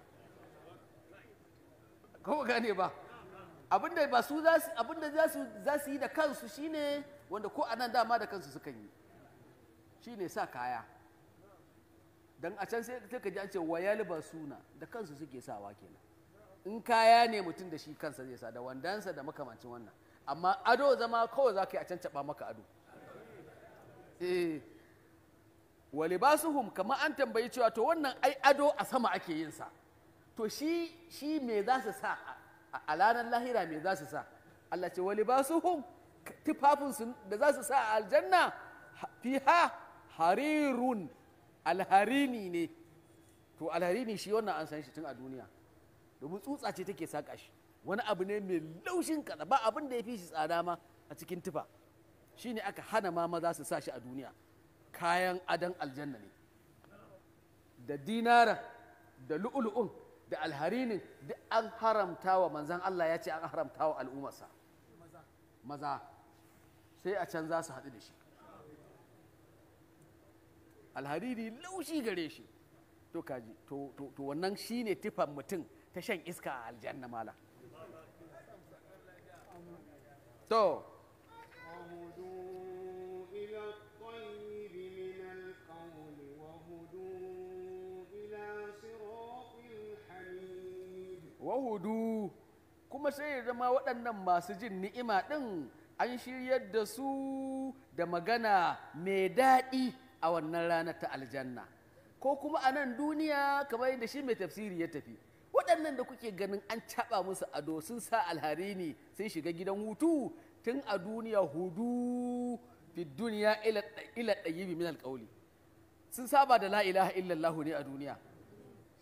Speaker 2: kawai gane ba abinda ba su za su abinda za su za su yi da kansu shine wanda ko a nan dama da kansu suka yi shine sa kaya dan a can sai ka ji an ce wayal suna da kansu suke sawa kenan in kaya ne mutum da shi kansa zai sa da wandansa da makamancin wannan amma ado zama kawai za ka yi a can maka ado eh wa libasuhum kamar an tambayi cewa to wannan ai ado a sama ake yin sa to shi shi me za su sa a ranar lahira me za su sa Allah ce wa libasuhum tufafin su da za su sa a aljanna fiha harirun alharini ne to alharini shi wannan an san shi tun a duniya domin tsutsa ce take saka shi wani abu ne mai laushin kaza ba abin da ya fi shi tsada ma a cikin tufa shine aka hana ma maza su sa shi a duniya kayan adon aljanna ne da dinara da lu'ulu'un da alharinin da an haramta wa manzan Allah ya ce an haramta wa al'ummarsa maza sai a can za su haɗu da shi alhariri laushi gare shi to kaji to wannan shi ne tifan mutum ta shan iska a aljanna mala to udu kuma sai ya zama waɗannan masu jin ni'ima ɗin an shiryar da su da magana mai daɗi a wannan rana ta aljanna ko kuma a nan duniya kamar yadda shi mai tafsiri ya tafi waɗannan da kuke ganin an caɓa musu ado sun sa alhari ne sun shiga gidan hutu tun a duniya hudu fi duniya ila ɗayyibi min alƙauli sun saba da la ilaha illallahu ne a duniya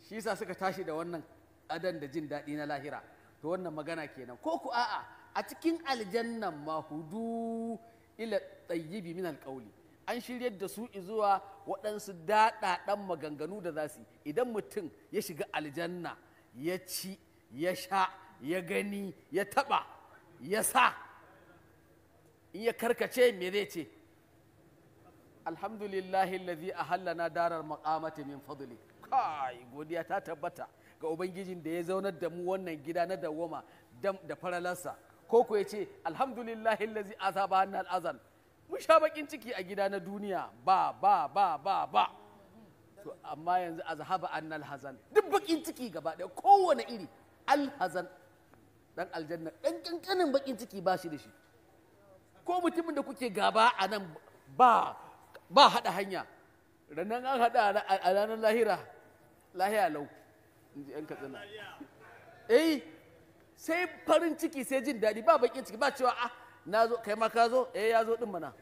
Speaker 2: shi sa suka tashi da wannan adan da jin daɗi na lahira to wannan magana kenan ko ku a'a a cikin aljannan ma hudu ila tsayyibi min alƙauli an shiryar da su zuwa waɗansu daɗaɗan maganganu da za su idan mutum ya shiga aljanna ya ci ya sha ya gani ya taɓa ya sa in ya karkace me zai ce alhamdulillahi lazi a hallana darar makamata min fadli kai godiya ta tabbata ga ubangijin da ya zaunar da mu wannan gida na Dawoma da faralarsa ko ku ya ce alhamdulillahi lazi azaba hannun azal mun sha bakin ciki a gida na duniya ba ba ba ba ba to amma yanzu azhaba annal hazan duk bakin ciki gaba ɗaya kowane iri alhazan dan aljanna dan kankanin bakin ciki ba shi da shi ko mutumin da kuke gaba a nan ba ba hada hanya ranan an hada a ranar lahira lahiya lau inji 'yan katsina eh sai farin ciki sai jin daɗi ba baƙin ciki ba cewa ah na zo kai ma ka zo eh ya zo ɗin mana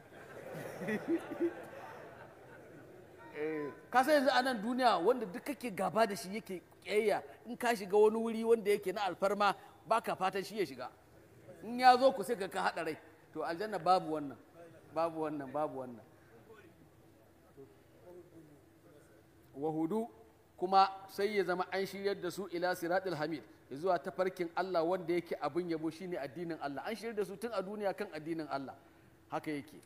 Speaker 2: eh, ka san yanzu a nan duniya wanda duk kake gaba da shi yake ƙeya in ka shiga wani wuri wanda yake na alfarma ba ka fatan shi ya shiga in ya zo ku sai ka haɗa rai to aljanna babu wannan babu wannan babu wannan hudu kuma sai ya zama an shiryar da su ila siratul hamid zuwa tafarkin Allah wanda yake abin yabo shine addinin Allah an shiryar da su tun a duniya kan addinin Allah haka yake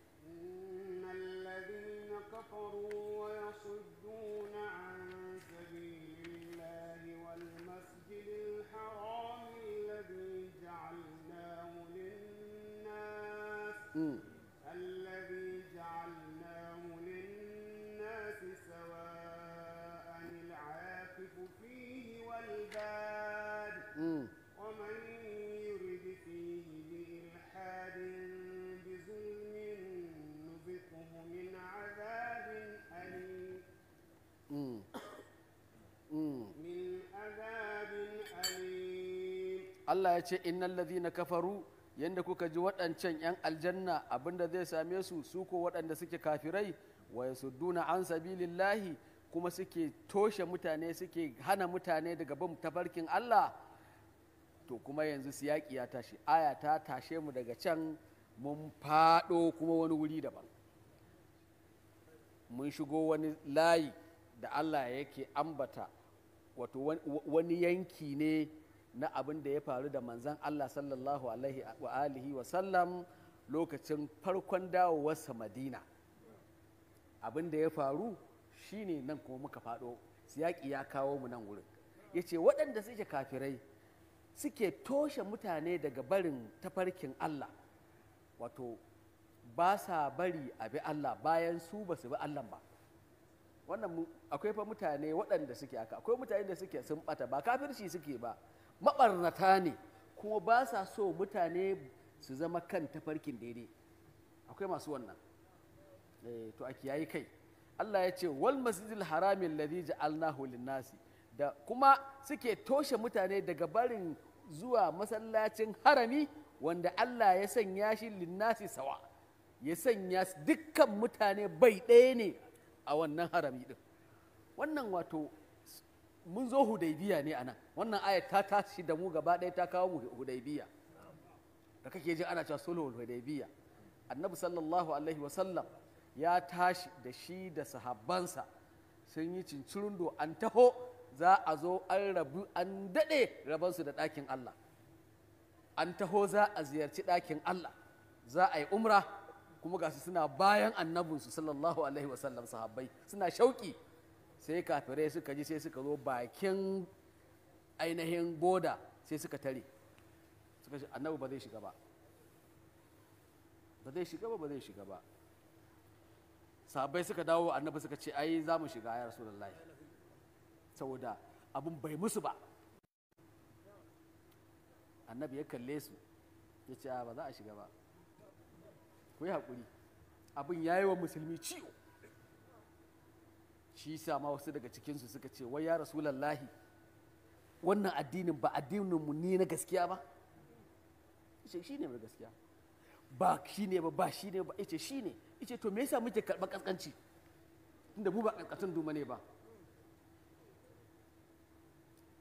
Speaker 2: Allah ya ce innal ladhina kafaru yanda kuka ji waɗancan 'yan aljanna abinda zai same su su ko waɗanda suke kafirai wa yasudduna an sabilillahi kuma suke toshe mutane suke hana mutane daga bin tafarkin Allah to kuma yanzu siyaki ya tashi aya ta tashe mu daga can mun faɗo kuma wani wuri daban mun shigo wani layi da Allah yake ambata wato wani yanki ne na abin da ya faru da manzan Allah sallallahu alaihi wa alihi wa sallam lokacin farkon dawowarsa Madina abin da ya faru shine nan kuma muka faɗo siyaƙi ya kawo mu nan wurin ya ce waɗanda suke kafirai suke toshe mutane daga barin tafarkin Allah wato ba sa bari a bi Allah bayan su ba su bi Allah ba wannan akwai fa mutane waɗanda suke haka akwai mutane da suke sun ɓata ba kafirci suke ba maɓarnata ne kuma ba sa so mutane su zama kan tafarkin daidai akwai masu wannan eh, to a kiyayi kai Allah ya ce wal masjidil harami ladhi ja'alnahu lin da kuma suke toshe mutane daga barin zuwa masallacin harami wanda Allah ya sanya shi linnasi sawa ya sanya dukkan mutane bai ɗaya ne a wannan harami din wannan wato mun zo hudaibiya ne anan wannan ayat ta tashi da mu gaba ɗaya ta kawo mu hudaibiya da kake ji ana cewa sulhul hudaibiya annabi sallallahu alaihi wasallam ya tashi da shi da sahabbansa sun yi cincirundo an taho za a zo an rabu an daɗe rabansu da ɗakin Allah an taho za a ziyarci ɗakin Allah za a yi umra kuma gasu suna bayan annabinsu sallallahu alaihi wasallam sahabbai suna shauƙi sai kafirai suka ji sai suka zo bakin ainihin boda sai suka tare suka ce annabi ba zai shiga ba ba zai shiga ba ba zai shiga ba sabai suka dawo annabi suka ce ai za mu shiga ya lallai saboda abin bai musu ba annabi ya kalle su ya ce ba za a shiga ba ku yi haƙuri abin ya yi wa musulmi ciwo shi sa ma wasu daga cikinsu suka ce wai ya rasulallahi wannan addinin ba addininmu ni na gaskiya ba ce shi ne mai gaskiya ba shi ne ba ba shi ne ba ice shi ne ice to me yasa muke karɓar ƙasƙanci tunda mu ba ƙasƙantan duma ne ba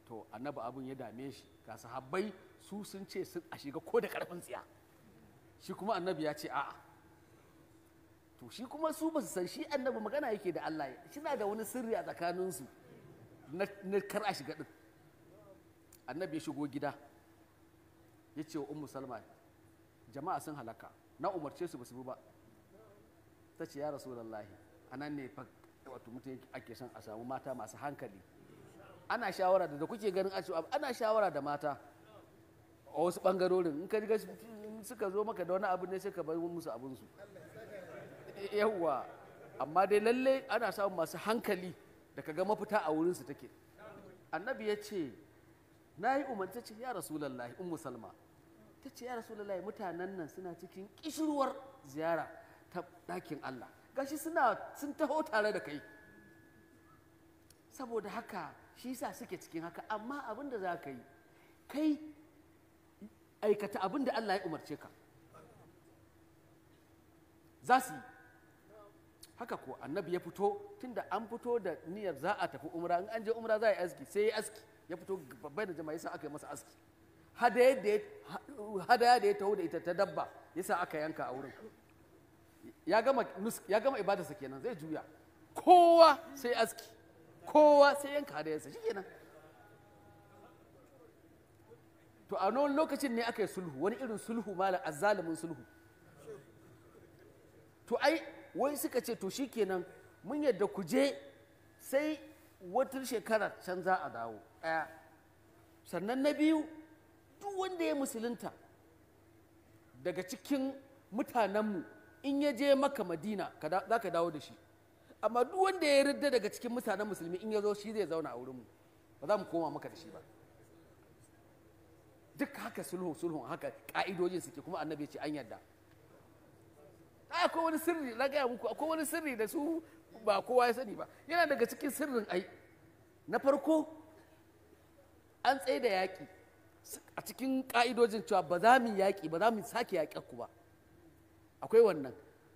Speaker 2: to annabi abun ya dame shi ga sahabbai su sun ce sun a shiga ko da ƙarfin tsiya shi kuma annabi ya ce a'a to shi kuma su ba su san shi annabi magana yake da Allah na da wani sirri a tsakaninsu na kar a shiga din annabi ya shigo gida ya ce wa ummu salma jama'a sun halaka na umarce su ba su bi ba ta ce ya rasulullahi anan ne fa wato mutum ake son a samu mata masu hankali ana shawara da kuke ganin ana shawara da mata a wasu bangarorin in ka suka zo maka da wani abu ne sai ka bar musu abinsu yawwa amma dai lalle ana samun masu hankali da kaga mafita a wurinsu take annabi ya ce na yi umarci ce ya rasulallahi ummu salma ta ce ya rasulallahi mutanen nan suna cikin kishirwar ziyara ta ɗakin allah gashi suna sun taho tare da kai saboda haka shi sa suke cikin haka amma abin da za ka yi kai aikata abin da allah ya umarce ka za su yi haka ko annabi ya fito tunda an fito da niyyar za a tafi umra in an je umra za a yi aski sai ya aski ya fito babbai da jama'a yasa aka yi masa aski hadaya da ya taho da ita ta dabba yasa aka yanka a wurin ya gama ya gama ibadarsa kenan zai juya kowa sai aski kowa sai yanka hadayarsa shikenan to a wani lokacin ne aka yi sulhu wani irin sulhu malam azzalimin sulhu to ai wai suka ce to shi kenan mun yadda ku je sai wata shekara can za a dawo ɗaya sannan na biyu duk wanda ya musulunta daga cikin mutanenmu in ya je maka madina za ka dawo da shi amma duk wanda ya ridda daga cikin mutanen musulmi in ya zo shi zai zauna a wurinmu ba za mu koma maka da shi ba duk haka sulhun sulhun haka ka'idojin suke kuma annabi ce an yarda akwai wani sirri na gaya muku akwai wani sirri da su ba kowa ya sani ba yana daga cikin sirrin ai na farko an tsaye da yaƙi a cikin ƙa'idojin cewa ba za mu yaƙi ba za mu sake yaƙi ku ba akwai wannan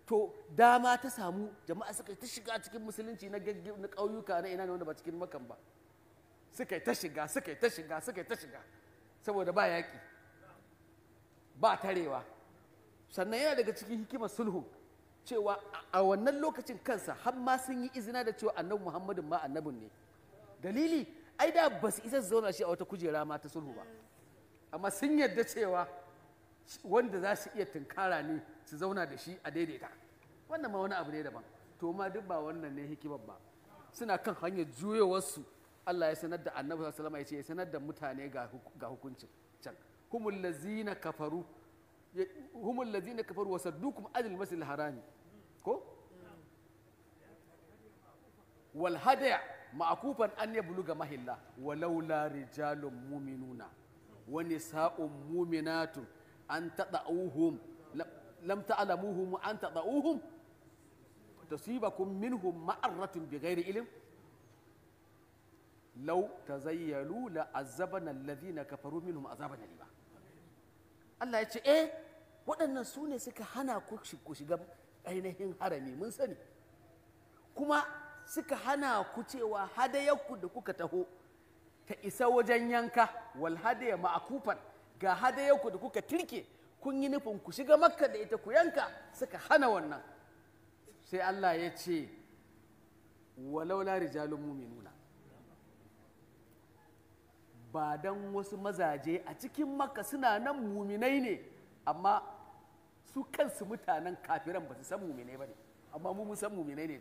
Speaker 2: to dama ta samu jama'a suka ta shiga cikin musulunci na na ƙauyuka na ina ne wanda ba cikin makan ba suka ta shiga suka ta shiga suka ta shiga saboda ba yaƙi ba tarewa sannan yana daga cikin hikimar sulhu cewa a wannan lokacin kansa har ma sun yi izina da cewa annabi muhammadin ma annabin ne dalili ai da ba su isa zauna shi a wata kujera ma ta sulhu ba amma sun yarda cewa wanda za su iya tunkara ne su zauna da shi a daidaita wannan ma wani abu ne daban to ma duk ba wannan ne hikimar ba suna kan hanyar juyowarsu Allah ya sanar da annabi sallallahu alaihi ya ce ya sanar da mutane ga hukuncin can humul lazina kafaru humul ladina kafaru wa saddukum anil masjidil harami ko wal hadaya ma'akufan an yabluga mahilla walaula rijalun mu'minuna wa nisa'un mu'minatun an tada'uhum lam ta'lamuhum an tada'uhum tasibakum minhum ma'arratun bighairi ilm law tazayyalu la'azzabana alladhina kafaru Allah ya ce eh waɗannan su ne suka hana ku shiga ainihin harami mun sani kuma suka hana ku cewa hadayarku da kuka taho ta isa wajen yanka wal hadaya ma'akufan ga hadayarku da kuka tirke kun yi nufin ku shiga makka da ita ku yanka suka hana wannan sai Allah ya ce walaula rijalun muminuna ba don wasu mazaje a cikin maka suna nan muminai ne amma su kansu mutanen kafiran ba su san muminai ba ne amma mu mun san muminai ne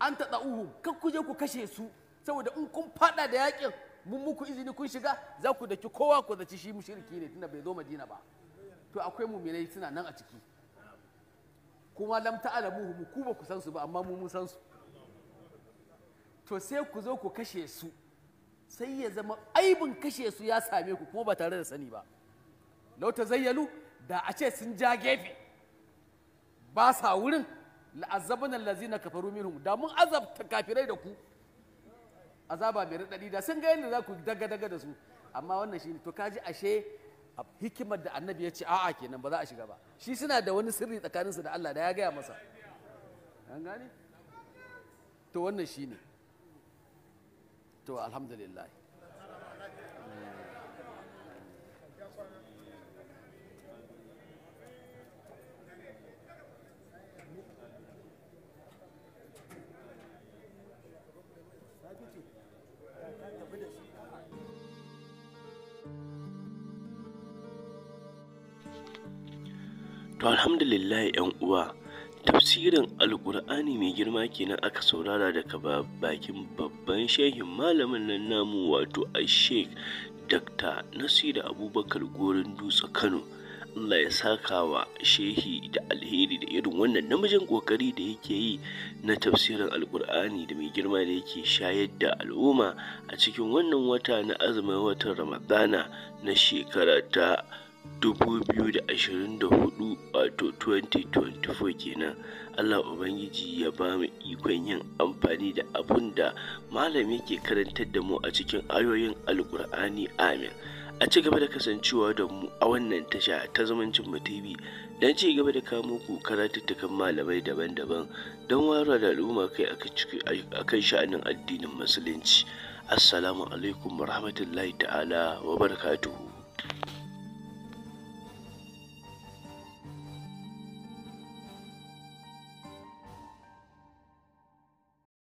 Speaker 2: an taɗa uhu kan ku je ku kashe su saboda in kun fada da yakin mun muku izini kun shiga za ku daki kowa ku zaci shi mushriki ne tunda bai zo madina ba to akwai muminai suna nan a ciki kuma lam ta'lamuhum ku ba ku san su ba amma mu mun san su to sai ku zo ku kashe su sai ya zama aibin kashe su ya same ku kuma ba tare da sani ba lau ta zayyalu da a ce sun ja gefe ba sa wurin la'azzabana lazina kafaru minhum da mun azabta kafirai da ku azaba mai raɗaɗi da sun ga yadda za ku daga daga da su amma wannan shi to kaji ashe hikimar da annabi ya ce a'a kenan ba za a shiga ba shi suna da wani sirri tsakaninsu da Allah da ya gaya masa an gane to wannan shi ne to alhamdulillah
Speaker 1: To alhamdulillah ‘yan uwa tafsirin alkur'ani mai girma kenan aka saurara daga bakin babban shehin malamin nan namu wato a sheik dr nasiru abubakar gorin dutse kano Allah ya saka wa shehi da alheri da irin wannan namijin kokari da yake yi na tafsirin alkur'ani da mai girma da yake shayar da al'umma a cikin wannan wata na azumin watan ramadana na shekara ta 2024 wato 2024 kenan Allah Ubangiji ya ba mu ikon yin amfani da abun da malam yake karantar da mu a cikin ayoyin alkur'ani amin a ci gaba da kasancewa da mu a wannan tasha ta zamancin mu TV don ci gaba da kawo muku karatuttukan malamai daban-daban don wayar da al'umma kai akan sha'anin addinin musulunci assalamu alaikum warahmatullahi ta'ala wa barakatuhu